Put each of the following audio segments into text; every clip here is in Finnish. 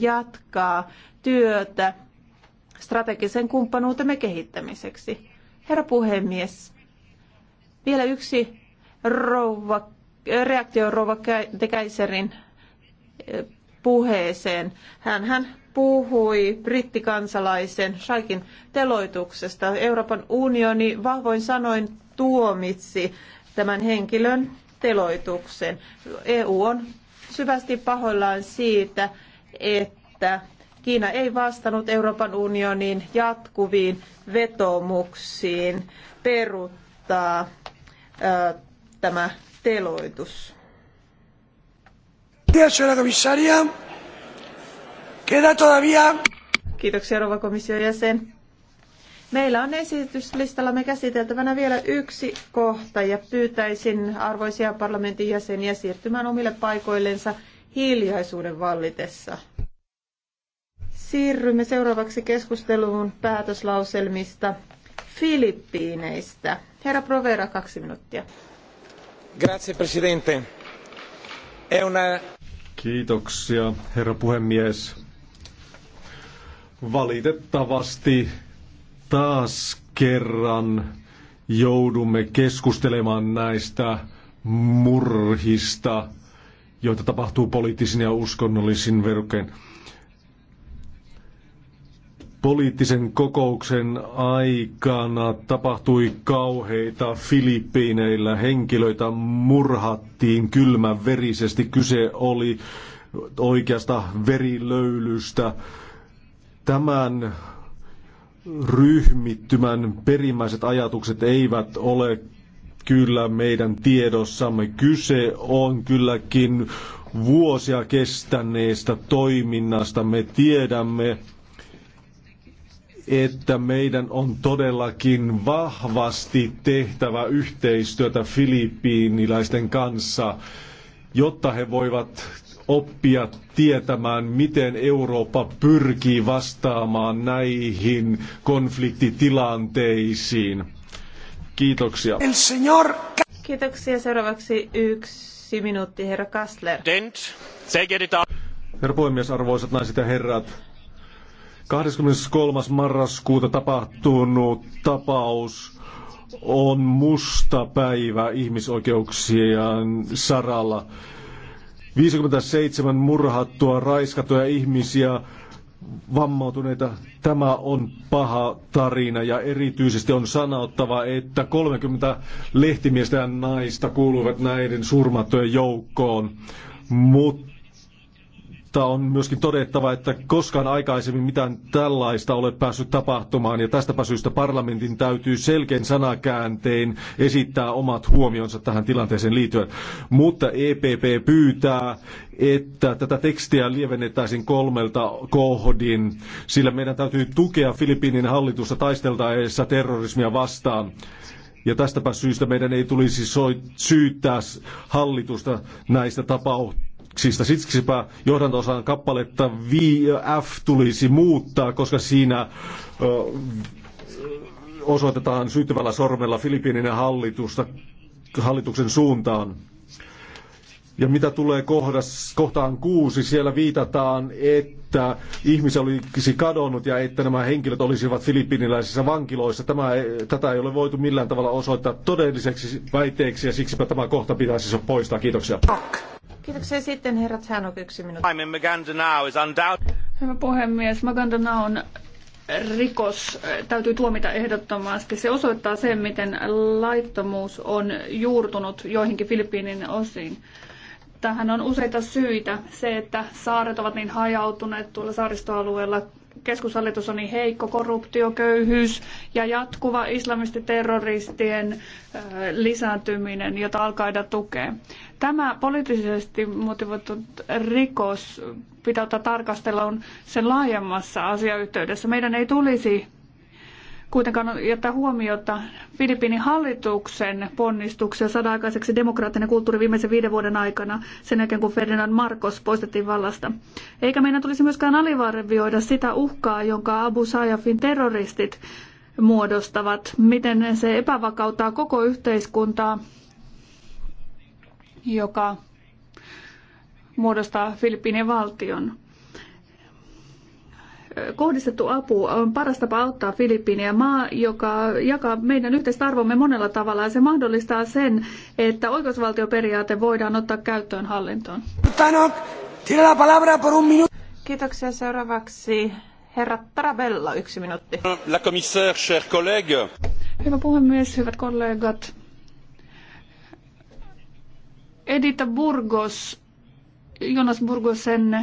jatkaa työtä strategisen kumppanuutemme kehittämiseksi. Herra puhemies, vielä yksi rouva, reaktio rouva de Kaiserin eh, puheeseen. Hän, hän puhui brittikansalaisen Shaikin teloituksesta. Euroopan unioni vahvoin sanoin tuomitsi tämän henkilön teloituksen. EU on syvästi pahoillaan siitä, että Kiina ei vastannut Euroopan unionin jatkuviin vetomuksiin peruuttaa ö, tämä teloitus. Kiitoksia, rouva komission jäsen. Meillä on esityslistallamme käsiteltävänä vielä yksi kohta ja pyytäisin arvoisia parlamentin jäseniä siirtymään omille paikoillensa hiljaisuuden vallitessa. Siirrymme seuraavaksi keskusteluun päätöslauselmista Filippiineistä. Herra Provera, kaksi minuuttia. Grazie, presidente. È una... Kiitoksia, herra puhemies. Valitettavasti taas kerran joudumme keskustelemaan näistä murhista joita tapahtuu poliittisin ja uskonnollisin verukein. Poliittisen kokouksen aikana tapahtui kauheita Filippiineillä. Henkilöitä murhattiin kylmäverisesti. Kyse oli oikeasta verilöylystä. Tämän ryhmittymän perimmäiset ajatukset eivät ole kyllä meidän tiedossamme. Kyse on kylläkin vuosia kestäneestä toiminnasta. Me tiedämme, että meidän on todellakin vahvasti tehtävä yhteistyötä filippiiniläisten kanssa, jotta he voivat oppia tietämään, miten Eurooppa pyrkii vastaamaan näihin konfliktitilanteisiin. Kiitoksia. El señor... Kiitoksia. Seuraavaksi yksi minuutti, herra Kastler. Herra puhemies, arvoisat naiset ja herrat. 23. marraskuuta tapahtunut tapaus on musta päivä ihmisoikeuksien saralla. 57 murhattua, raiskattuja ihmisiä, vammautuneita. Tämä on paha tarina ja erityisesti on sanottava, että 30 lehtimiestä ja naista kuuluvat näiden surmattujen joukkoon, mutta mutta on myöskin todettava, että koskaan aikaisemmin mitään tällaista ole päässyt tapahtumaan ja tästäpä syystä parlamentin täytyy selkeän sanakääntein esittää omat huomionsa tähän tilanteeseen liittyen. Mutta EPP pyytää, että tätä tekstiä lievennettäisiin kolmelta kohdin, sillä meidän täytyy tukea Filippiinin hallitusta taisteltaessa terrorismia vastaan. Ja tästäpä syystä meidän ei tulisi syyttää hallitusta näistä tapauksista muutoksista. Siksipä johdantosan kappaletta VF tulisi muuttaa, koska siinä osoitetaan syyttävällä sormella Filippiininen hallitusta, hallituksen suuntaan. Ja mitä tulee kohdas, kohtaan kuusi, siellä viitataan, että ihmisi olisi kadonnut ja että nämä henkilöt olisivat filippiniläisissä vankiloissa. Tämä, e-, tätä ei ole voitu millään tavalla osoittaa todelliseksi väiteeksi ja siksipä tämä kohta pitäisi poistaa. Kiitoksia. Kiitoksia sitten herrat Hänok yksi minuutti. Hyvä puhemies, Magandanao on rikos täytyy tuomita ehdottomasti. Se osoittaa sen, miten laittomuus on juurtunut joihinkin Filippiinin osiin. Tähän on useita syitä. Se, että saaret ovat niin hajautuneet tuolla saaristoalueella, keskushallitus on niin heikko, korruptio, köyhyys ja jatkuva islamistiterroristien lisääntyminen, jota Al-Qaida tukee. Tämä poliittisesti motivoitu rikos pitää ottaa tarkasteluun sen laajemmassa asiayhteydessä. Meidän ei tulisi kuitenkaan jättää huomiota Filippiinin hallituksen ponnistuksia saada aikaiseksi demokraattinen kulttuuri viimeisen viiden vuoden aikana sen jälkeen, kun Ferdinand Marcos poistettiin vallasta. Eikä meidän tulisi myöskään alivarvioida sitä uhkaa, jonka Abu Sayyafin terroristit muodostavat, miten se epävakauttaa koko yhteiskuntaa, joka muodostaa Filippiinien valtion kohdistettu apu on paras tapa auttaa Filippiiniä, maa, joka jakaa meidän yhteistä arvomme monella tavalla ja se mahdollistaa sen, että oikeusvaltioperiaate voidaan ottaa käyttöön hallintoon. Kiitoksia. Seuraavaksi herra Tarabella, yksi minuutti. La commissaire, chers collègues. Hyvä puhemies, hyvät kollegat. Edita Burgos, Jonas Burgosen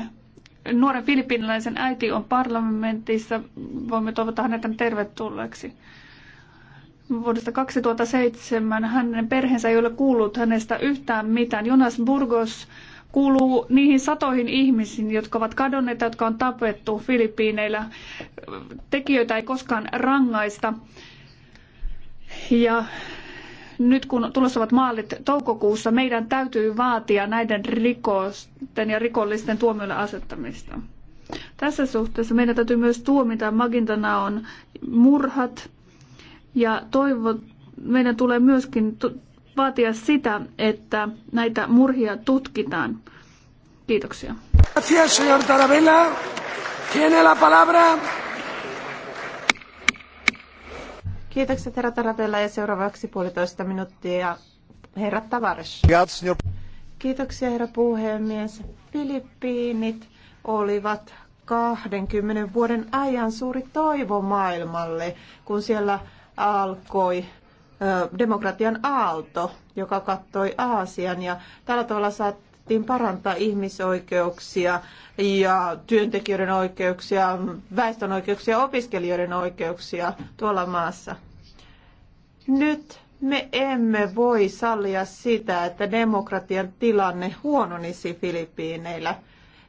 nuoren filipiniläisen äiti on parlamentissa. Voimme toivottaa hänet tervetulleeksi. Vuodesta 2007 hänen perheensä ei ole kuullut hänestä yhtään mitään. Jonas Burgos kuuluu niihin satoihin ihmisiin, jotka ovat kadonneet, jotka on tapettu Filippiineillä. Tekijöitä ei koskaan rangaista. Ja nyt kun tulossa ovat maalit toukokuussa, meidän täytyy vaatia näiden rikosten ja rikollisten tuomioille asettamista. Tässä suhteessa meidän täytyy myös tuomita Magintana on murhat ja toivo, meidän tulee myöskin vaatia sitä, että näitä murhia tutkitaan. Kiitoksia. Gracias, señor Tarabella. Tiene la palabra Kiitokset herra Taratella ja seuraavaksi puolitoista minuuttia herra Tavares. Kiitoksia herra puhemies. Filippiinit olivat 20 vuoden ajan suuri toivo maailmalle, kun siellä alkoi demokratian aalto, joka kattoi Aasian ja tällä tavalla saatiin parantaa ihmisoikeuksia ja työntekijöiden oikeuksia, väestön oikeuksia, opiskelijoiden oikeuksia tuolla maassa. Nyt me emme voi sallia sitä, että demokratian tilanne huononisi Filippiineillä.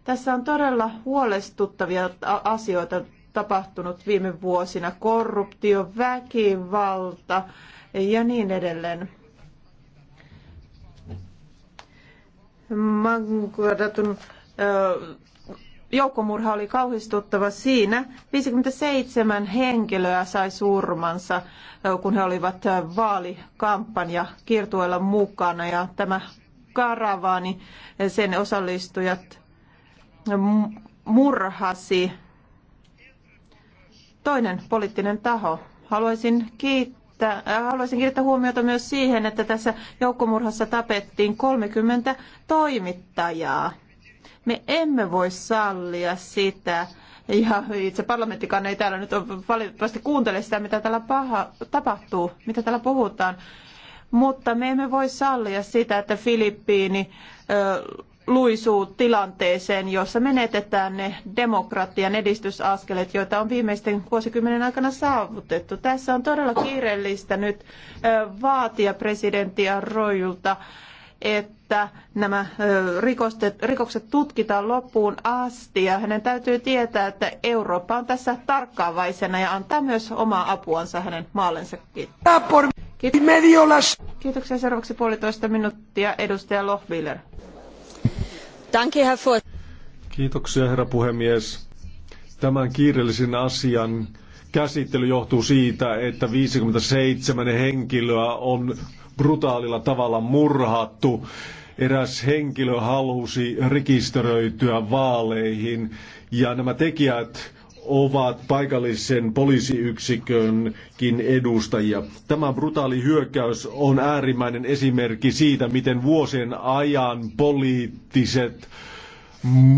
Tässä on todella huolestuttavia asioita tapahtunut viime vuosina. Korruptio, väkivalta ja niin edelleen. Manguadatun joukkomurha oli kauhistuttava siinä. 57 henkilöä sai surmansa, kun he olivat vaalikampanja kirtuella mukana ja tämä karavaani, sen osallistujat murhasi toinen poliittinen taho. Haluaisin kiittää Haluaisin kiinnittää huomiota myös siihen, että tässä joukkomurhassa tapettiin 30 toimittajaa. Me emme voi sallia sitä, ja itse parlamenttikaan ei täällä nyt valitettavasti kuuntele sitä, mitä täällä paha, tapahtuu, mitä täällä puhutaan. Mutta me emme voi sallia sitä, että Filippiini ö, luisuu tilanteeseen, jossa menetetään ne demokratian edistysaskeleet, joita on viimeisten vuosikymmenen aikana saavutettu. Tässä on todella kiireellistä nyt vaatia presidentti Arroijulta että nämä rikostet, rikokset tutkitaan loppuun asti ja hänen täytyy tietää, että Eurooppa on tässä tarkkaavaisena ja antaa myös omaa apuansa hänen maallensa. Kiitos. Kiitoksia. Seuraavaksi puolitoista minuuttia edustaja Lohviller. Kiitoksia herra puhemies. Tämän kiireellisen asian käsittely johtuu siitä, että 57 henkilöä on brutaalilla tavalla murhattu. Eräs henkilö halusi rekisteröityä vaaleihin ja nämä tekijät ovat paikallisen poliisiyksikönkin edustajia. Tämä brutaali hyökkäys on äärimmäinen esimerkki siitä, miten vuosien ajan poliittiset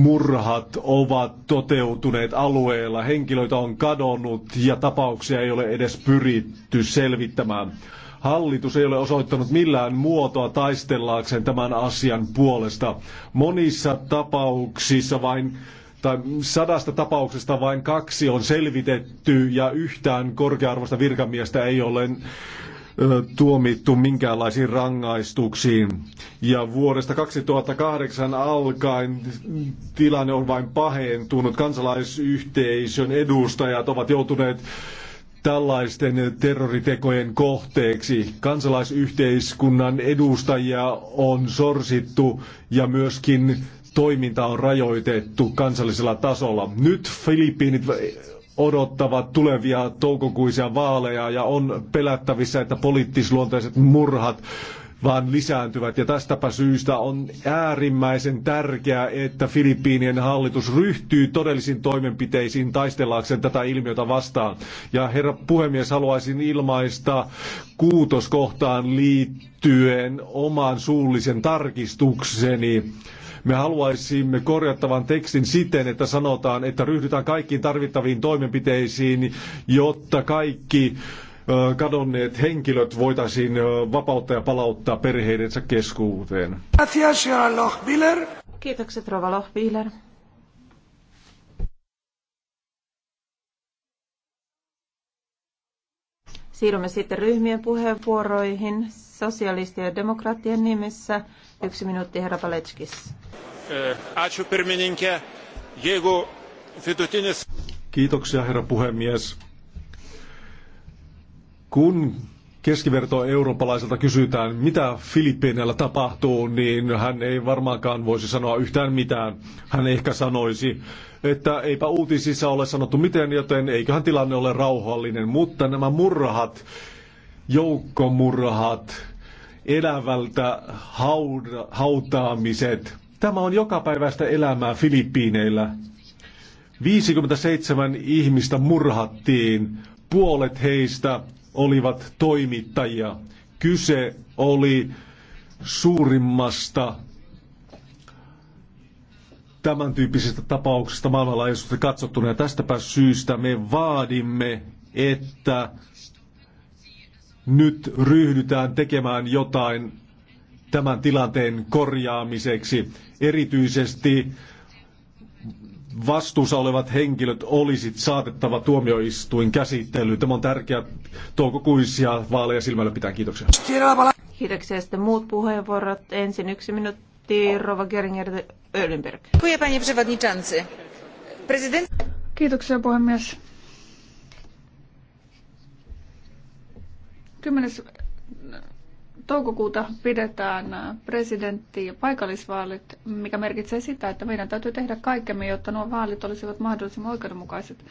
murhat ovat toteutuneet alueella. Henkilöitä on kadonnut ja tapauksia ei ole edes pyritty selvittämään. Hallitus ei ole osoittanut millään muotoa taistellaakseen tämän asian puolesta. Monissa tapauksissa vain tai sadasta tapauksesta vain kaksi on selvitetty ja yhtään korkearvoista virkamiestä ei ole tuomittu minkäänlaisiin rangaistuksiin. Ja vuodesta 2008 alkaen tilanne on vain pahentunut. Kansalaisyhteisön edustajat ovat joutuneet tällaisten terroritekojen kohteeksi. Kansalaisyhteiskunnan edustajia on sorsittu ja myöskin toiminta on rajoitettu kansallisella tasolla. Nyt Filippiinit odottavat tulevia toukokuisia vaaleja ja on pelättävissä, että poliittisluonteiset murhat vaan lisääntyvät. Ja tästäpä syystä on äärimmäisen tärkeää, että Filippiinien hallitus ryhtyy todellisiin toimenpiteisiin taistellaakseen tätä ilmiötä vastaan. Ja herra puhemies, haluaisin ilmaista kuutoskohtaan liittyen oman suullisen tarkistukseni. Me haluaisimme korjattavan tekstin siten, että sanotaan, että ryhdytään kaikkiin tarvittaviin toimenpiteisiin, jotta kaikki kadonneet henkilöt voitaisiin vapauttaa ja palauttaa perheidensä keskuuteen. Kiitokset, Rova Lohbiller. Siirrymme sitten ryhmien puheenvuoroihin. Sosialistien ja demokraattien nimissä yksi minuutti herra Paletskis. Kiitoksia herra puhemies. Kun keskiverto eurooppalaiselta kysytään, mitä Filippiineillä tapahtuu, niin hän ei varmaankaan voisi sanoa yhtään mitään. Hän ehkä sanoisi, että eipä uutisissa ole sanottu miten, joten eiköhän tilanne ole rauhallinen. Mutta nämä murhat, joukkomurhat, elävältä hauda, hautaamiset, tämä on jokapäiväistä elämää Filippiineillä. 57 ihmistä murhattiin, puolet heistä olivat toimittajia. Kyse oli suurimmasta tämän tyyppisistä tapauksista maailmanlaajuisesti katsottuna. Ja tästäpä syystä me vaadimme, että nyt ryhdytään tekemään jotain tämän tilanteen korjaamiseksi. Erityisesti vastuussa olevat henkilöt olisit saatettava tuomioistuin käsittelyyn. Tämä on tärkeä toukokuisia vaaleja silmällä pitää. Kiitoksia. Kiitoksia. Sitten muut puheenvuorot. Ensin yksi minuutti. Rova Geringer Ölenberg. panie przewodniczący. President... Kiitoksia puhemies. 10 toukokuuta pidetään äh, presidentti- ja paikallisvaalit, mikä merkitsee sitä, että meidän täytyy tehdä kaikkemme, jotta nuo vaalit olisivat mahdollisimman oikeudenmukaiset.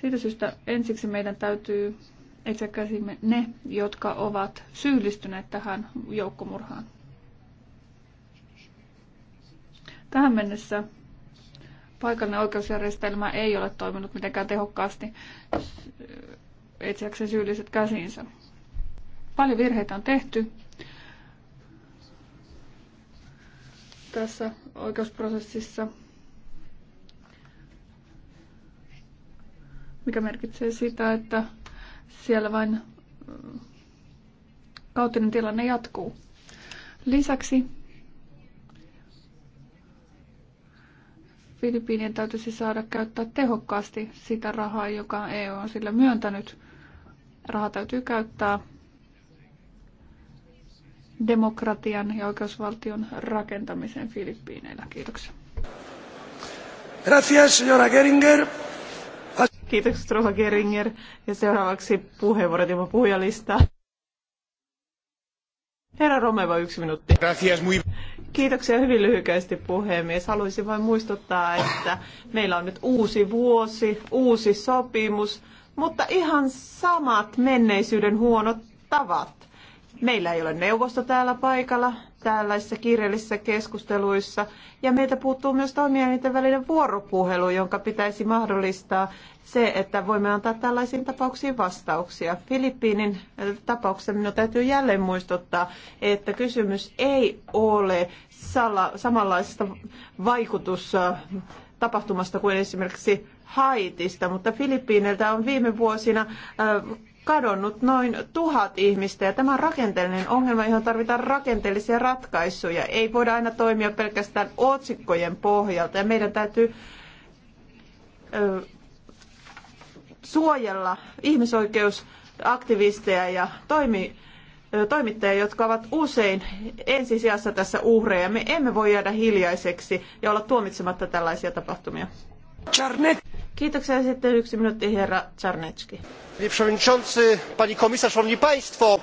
Siitä syystä ensiksi meidän täytyy etsiä käsimme ne, jotka ovat syyllistyneet tähän joukkomurhaan. Tähän mennessä paikallinen oikeusjärjestelmä ei ole toiminut mitenkään tehokkaasti etsiäkseen syylliset käsiinsä. Paljon virheitä on tehty tässä oikeusprosessissa, mikä merkitsee sitä, että siellä vain mm, kautinen tilanne jatkuu. Lisäksi Filippiinien täytyisi saada käyttää tehokkaasti sitä rahaa, joka EU on sillä myöntänyt. Raha täytyy käyttää demokratian ja oikeusvaltion rakentamiseen Filippiineillä. Kiitoksia. Gracias, señora Geringer. Kiitokset, Rosa Geringer. Ja seuraavaksi puheenvuorot ja puhujalista. Herra Romeva, yksi minuutti. Gracias, muy... Kiitoksia hyvin lyhykäisesti puhemies. Haluaisin vain muistuttaa, että meillä on nyt uusi vuosi, uusi sopimus, mutta ihan samat menneisyyden huonot tavat. Meillä ei ole neuvosto täällä paikalla tällaisissa kirjallisissa keskusteluissa ja meiltä puuttuu myös toimijoiden välinen vuoropuhelu, jonka pitäisi mahdollistaa se, että voimme antaa tällaisiin tapauksiin vastauksia. Filippiinin äh, tapauksessa minun täytyy jälleen muistuttaa, että kysymys ei ole sala, samanlaisesta äh, tapahtumasta kuin esimerkiksi Haitista, mutta Filippiineiltä on viime vuosina äh, kadonnut noin tuhat ihmistä ja tämä on rakenteellinen ongelma, johon tarvitaan rakenteellisia ratkaisuja. Ei voida aina toimia pelkästään otsikkojen pohjalta ja meidän täytyy ö, suojella ihmisoikeusaktivisteja ja toimii toimittajia, jotka ovat usein ensisijassa tässä uhreja. Me emme voi jäädä hiljaiseksi ja olla tuomitsematta tällaisia tapahtumia. Charnet. Kiitoksia sitten yksi minuutti herra Czarnecki. Przewodniczący, pani komisarz, szanowni państwo.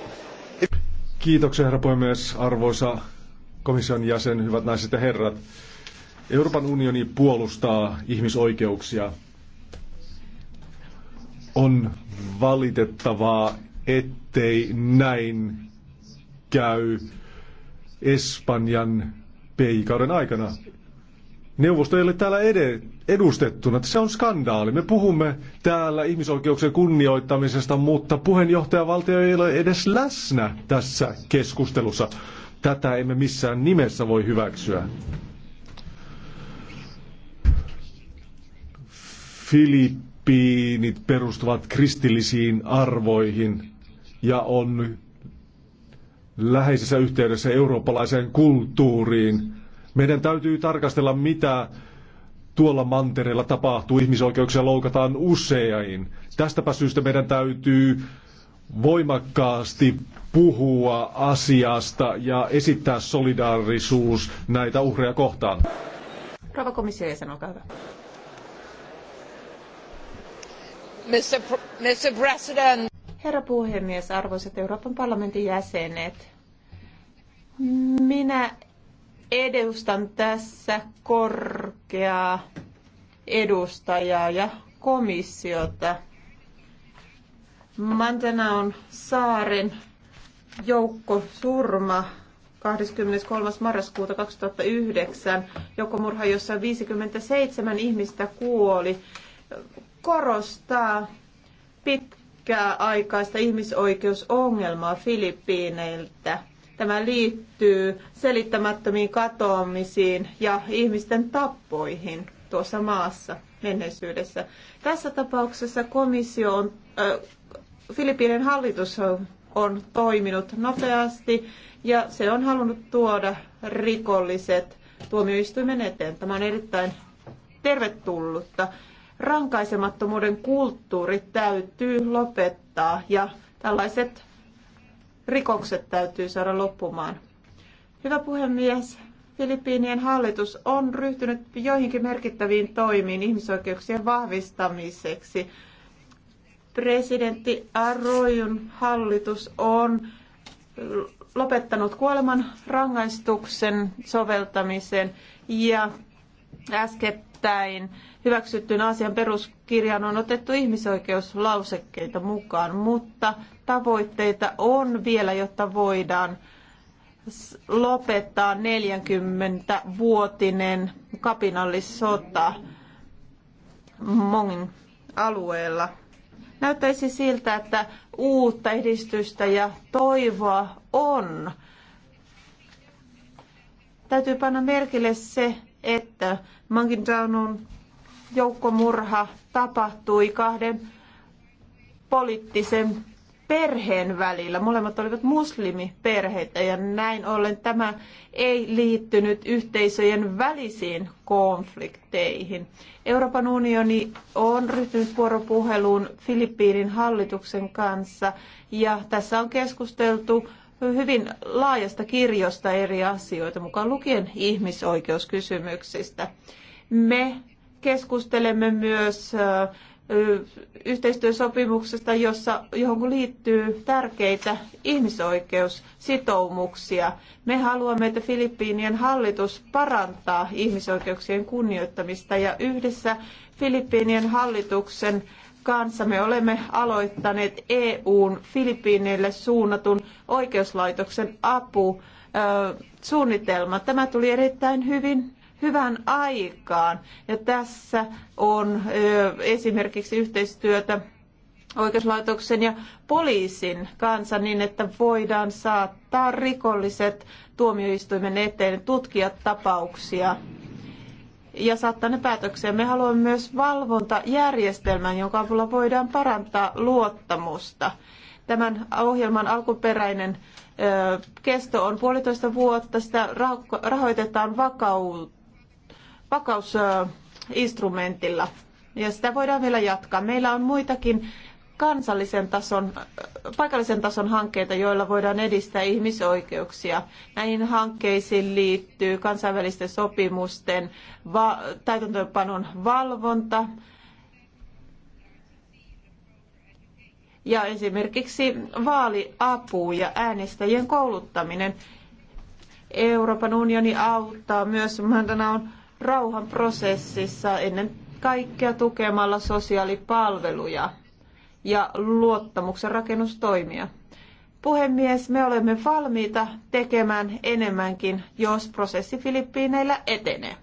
Kiitoksia herra puhemies, arvoisa komission jäsen, hyvät naiset ja herrat. Euroopan unioni puolustaa ihmisoikeuksia. On valitettavaa, ettei näin käy Espanjan peikauden aikana. Neuvosto ei ole täällä ed- edustettuna. Se on skandaali. Me puhumme täällä ihmisoikeuksien kunnioittamisesta, mutta puheenjohtajavaltio ei ole edes läsnä tässä keskustelussa. Tätä emme missään nimessä voi hyväksyä. Filippiinit perustuvat kristillisiin arvoihin ja on läheisessä yhteydessä eurooppalaiseen kulttuuriin – meidän täytyy tarkastella, mitä tuolla mantereella tapahtuu. Ihmisoikeuksia loukataan usein. Tästäpä syystä meidän täytyy voimakkaasti puhua asiasta ja esittää solidaarisuus näitä uhreja kohtaan. Rava komissio, jäsen, olkaa hyvä. Mr. Pr Mr. President. Herra puhemies, arvoisat Euroopan parlamentin jäsenet, minä edustan tässä korkeaa edustajaa ja komissiota. Mantena on saaren joukko surma 23. marraskuuta 2009 joukkomurha, jossa 57 ihmistä kuoli, korostaa pitkäaikaista ihmisoikeusongelmaa Filippiineiltä. Tämä liittyy selittämättömiin katoamisiin ja ihmisten tappoihin tuossa maassa menneisyydessä. Tässä tapauksessa komissio on, äh, Filippiinen hallitus on, on toiminut nopeasti ja se on halunnut tuoda rikolliset tuomioistuimen eteen. Tämä on erittäin tervetullutta. Rankaisemattomuuden kulttuuri täytyy lopettaa ja tällaiset rikokset täytyy saada loppumaan. Hyvä puhemies, Filippiinien hallitus on ryhtynyt joihinkin merkittäviin toimiin ihmisoikeuksien vahvistamiseksi. Presidentti Arroyun hallitus on lopettanut kuoleman rangaistuksen soveltamisen ja äsken Nimittäin hyväksyttyyn asian peruskirjaan on otettu ihmisoikeuslausekkeita mukaan, mutta tavoitteita on vielä, jotta voidaan lopettaa 40-vuotinen kapinallissota Mongin alueella. Näyttäisi siltä, että uutta edistystä ja toivoa on. Täytyy panna merkille se, että Mankindaunun joukkomurha tapahtui kahden poliittisen perheen välillä. Molemmat olivat muslimiperheitä ja näin ollen tämä ei liittynyt yhteisöjen välisiin konflikteihin. Euroopan unioni on ryhtynyt vuoropuheluun Filippiinin hallituksen kanssa ja tässä on keskusteltu hyvin laajasta kirjosta eri asioita, mukaan lukien ihmisoikeuskysymyksistä. Me keskustelemme myös yhteistyösopimuksesta, jossa, johon liittyy tärkeitä ihmisoikeussitoumuksia. Me haluamme, että Filippiinien hallitus parantaa ihmisoikeuksien kunnioittamista ja yhdessä Filippiinien hallituksen kanssa me olemme aloittaneet EUn Filippiineille suunnatun oikeuslaitoksen apu suunnitelma. Tämä tuli erittäin hyvin hyvän aikaan ja tässä on esimerkiksi yhteistyötä oikeuslaitoksen ja poliisin kanssa niin, että voidaan saattaa rikolliset tuomioistuimen eteen tutkia tapauksia ja saattaa ne päätökseen. Me haluamme myös valvontajärjestelmän, jonka avulla voidaan parantaa luottamusta. Tämän ohjelman alkuperäinen kesto on puolitoista vuotta. Sitä rahoitetaan vakau, vakausinstrumentilla ja sitä voidaan vielä jatkaa. Meillä on muitakin kansallisen tason, paikallisen tason hankkeita, joilla voidaan edistää ihmisoikeuksia. Näihin hankkeisiin liittyy kansainvälisten sopimusten va- täytäntöönpanon valvonta, ja esimerkiksi vaaliapu ja äänestäjien kouluttaminen. Euroopan unioni auttaa myös Mandanaon rauhanprosessissa ennen kaikkea tukemalla sosiaalipalveluja ja luottamuksen rakennustoimia. Puhemies, me olemme valmiita tekemään enemmänkin, jos prosessi Filippiineillä etenee.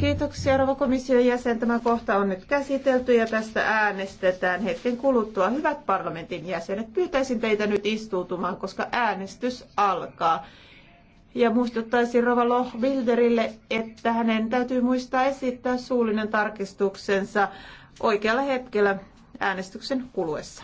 Kiitoksia, arvo komission jäsen. Tämä kohta on nyt käsitelty ja tästä äänestetään hetken kuluttua. Hyvät parlamentin jäsenet, pyytäisin teitä nyt istuutumaan, koska äänestys alkaa. Ja muistuttaisin Rova Lohbilderille, että hänen täytyy muistaa esittää suullinen tarkistuksensa oikealla hetkellä äänestyksen kuluessa.